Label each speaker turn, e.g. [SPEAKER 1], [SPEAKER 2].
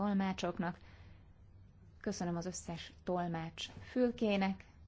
[SPEAKER 1] tolmácsoknak. Köszönöm az összes tolmács fülkének,